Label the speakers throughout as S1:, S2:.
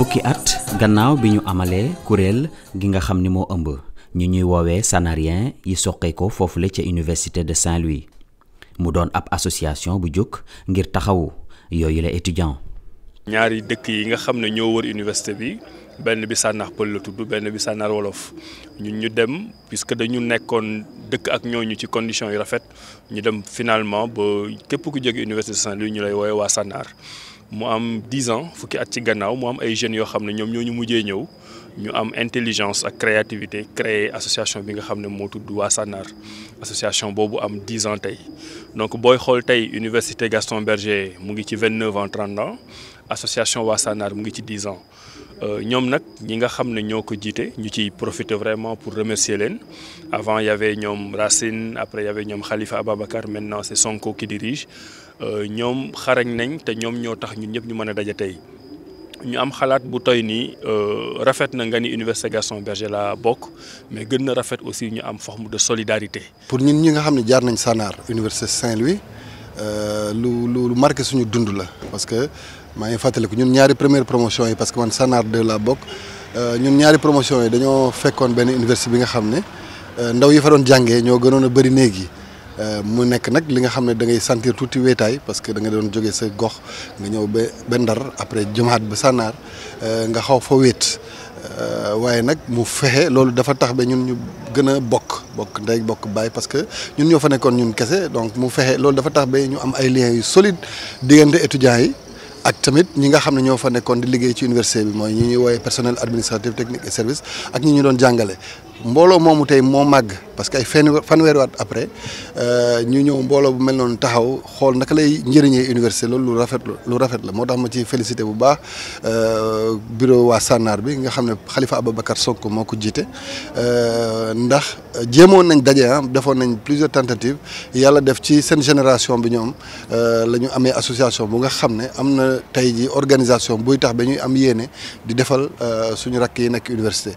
S1: fukki at gannaaw bi ñu kurel kuréel gi nga xam ni moo ëmb ñu ñuy woowee sanarien yi soqee ko foofule ca université de Saint-Louis mu doon ab association bu jóg ngir taxawu yooyu la étudiant
S2: ñaari dëkk yi nga xam ne ñoo wër université bi benn bi sànnax pël la tudd benn bi sànnaar wolof ñun ñu dem puisque dañu nekkoon dëkk ak ñooñu ci condition yu rafet ñu dem finalement ba képp ku jóge université de Saint-Louis ñu lay wooye waa sànnaar suis 10 ans, je suis à Tchigana, je suis un jeune homme, je suis un jeune nous avons intelligence et créativité créer association bi nga xamné mo tuddu wasanar association bobu am 10 ans tay donc boy xol tay université gaston berger mu ngi ci 29 ans 30 ans association wasanar mu ngi ci 10 ans euh ñom nak ñi nga xamné ñoko jité ñu ci profiter vraiment pour remercier len avant il y avait ñom racine après il y avait ñom khalifa ababakar maintenant c'est sonko qui dirige Euh, ñoom xarañ nañ te ñoom ñoo tax ñun ñëpp ñu mën a daje ñu am xalaat bu toy euh, rafet na nga ni université Gaston Berger la bok mais gën na rafet aussi ñu am forme de solidarité.
S3: pour ñun ñi nga ne jaar nañ Sanaar université Saint-Louis euh, lu lu lu marqué suñu dund la parce que ma ngi fàttaliku ñun ñaari première promotion yi parce que man sanar de la bok ñun ñaari promotion yi dañoo fekkoon ben université bi nga xam ne ndaw yi fa doon jàngee a bëri Euh, mu nek nag li nga xam ne da ngay sentir tuuti don parce que da nga doon jóge sa gox nga ñëw ba ba ndar après jëmaat ba sànnaar euh, nga xaw fa bok euh, waaye nag mu fexe loolu dafa tax ba ñun ñu gën a bokk bokk ndey bokk parce que ñun ñoo fa nekkoon ñun kese donc mu fexe loolu dafa tax ba ñu am ay liens yu solide diggante étudiants yi ak tamit ñi nga xam ñoo fa nekkoon di liggéey ci université bi mooy ñi ñuy personnel administratif technique et service ak ñi ñu doon jàngale mbooloo moomu tey moo màgg parce que ay fanweeri waat après euh, ñu ñëw mbooloo bu mel noonu taxaw xool naka lay njëriñee université loolu lu rafet lu rafet la moo tax ma ci félicité bu baax euh, bureau waa Sànnaar bi nga xam ne xalifa Khalifa Ababacar Sonko moo ko jiite euh, ndax jéemoon nañ daje ah defoon nañ plusieurs tentatives yàlla def ci seen génération bi ñoom la ñu amee association bu nga xam ne am na tey ji organisation buy tax ba ñuy am yéene di defal suñu rakk yi nekk université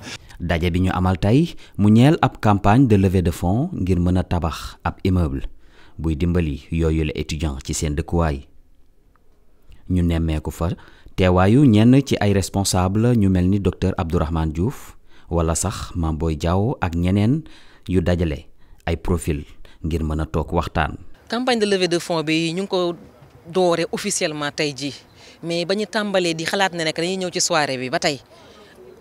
S1: daje bi ñu amal tey mu ñeel ab campagne de levée de fond ngir mën a tabax ab immeuble buy dimbali yooyu la étudiant ci seen dëkkuwaay ñu nemmeeku fa teewaayu ñenn ci ay responsable ñu mel ni docteur Abdourahmane Diouf wala sax Mame booy Diao ak ñeneen yu dajale ay profil ngir mën a toog waxtaan.
S4: campagne de levée de fond bi ñu ngi ko doore officiellement tey jii mais ba ñu tàmbalee di xalaat ne nag dañuy ñëw ci soirée bi ba tey.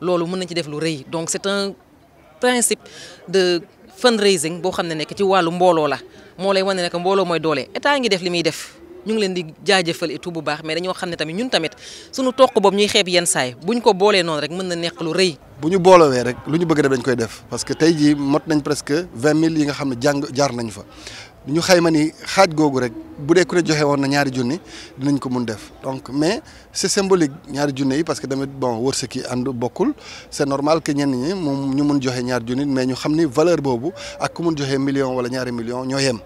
S4: loolu mën nañ ci def lu rëy donc c'est un principe de fundraising boo xam ne nekk ci wàllu mbooloo la moo lay wane ne que mbooloo mooy doole état ngi def li muy def ñu ngi leen di jaajëfal et tout bu baax mais dañoo xam ne tamit ñun tamit suñu toq boobu ñuy xeeb yenn saay buñ ko boolee noonu rek mën na nekk lu rëy.
S3: bu ñu boolewee rek lu ñu bëgg def dañ koy def parce que tey jii mot nañ presque 20 mille yi nga xam ne jàng jaar nañ fa. ñu xayma ni xaaj googu rek bu dee ku ne joxe woon na ñaari junni dinañ ko mun def donc mais c'est symbolique ñaari junni yi parce que damit bon wërsëg yi ànd bokkul c'est normal ke ñenn ñi moom ñu mun joxe ñaari junni mais ñu xam ni valeur boobu ak ku mun joxe million wala ñaari million ñoo yem.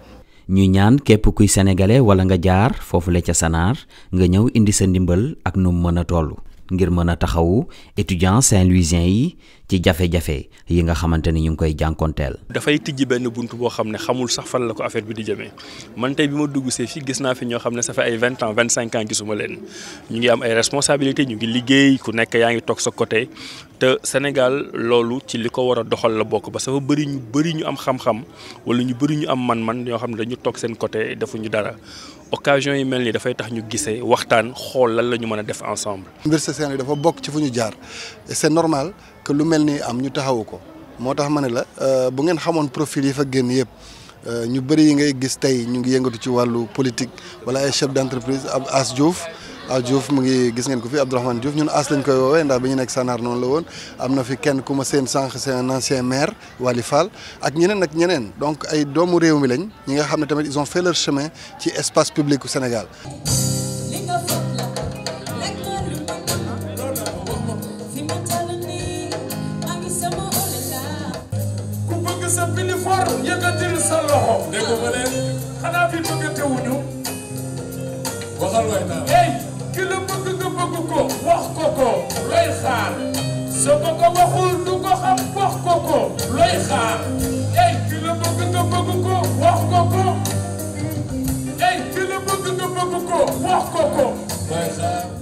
S1: ñu ñaan képp kuy sénégalais wala nga jaar foofu lay ca sanaar nga ñëw indi sa ndimbal ak nu mu mën a toll. ngir mën a taxawu étudiants Saint-Louisiens yi ci jafe-jafe yi nga xamante ni ñu ngi koy jànkonteel.
S2: dafay tijji benn bunt boo xam ne xamul sax fan la ko affaire bi di jëmee man tey bi ma dugg see fii gis naa fi ñoo xam ne ça fait ay vingt ans vingt cinq ans gisuma leen ñu ngi am ay responsabilité ñu ngi liggéey ku nekk yaa ngi toog sa côté te Sénégal loolu ci li ko war a doxal la bokk ba que bëri ñu bëri ñu am xam-xam wala ñu bëri ñu am man-man ñoo xam ne dañu toog seen côté defuñu dara. occasion yi mel nii dafay tax ñu gissé waxtaan xol lan lañu mëna def ensemble.
S3: mbir ce louis dafa bok ci fuñu jaar c'est normal que lu mel nii am ñu taxawuko motax moo tax la euh, bu ngeen xamone profil yi fa génn yëpp. Euh, ñu bëri yi ngay gis tay ñu ngi yëngatu ci walu politique wala ay chef d'entreprise As Diouf waaw ah, Diouf mu ngi gis ngeen ko fi Abdourahmane Diouf ñun as lañ koy wowe ndax bi ñu nekk Sanaar noonu la woon amna fi kenn ku ma seen sank c'est un ancien maire Wali Fall ak ñeneen nak ñeneen donc ay doomu réew mi lañ ñi nga xamne tamit ils ont fait leur chemin ci espace public bu Sénégal.
S2: Hey! ki la bëgg nga bëgg ko wax ko ko looy xaar soo ko ko waxul du ko xam wax ko ko looy xaar
S1: ey ki la bëgg nga bëgg ko wax ko ko ey ki la bëgg nga bëgg ko wax ko ko looy xaar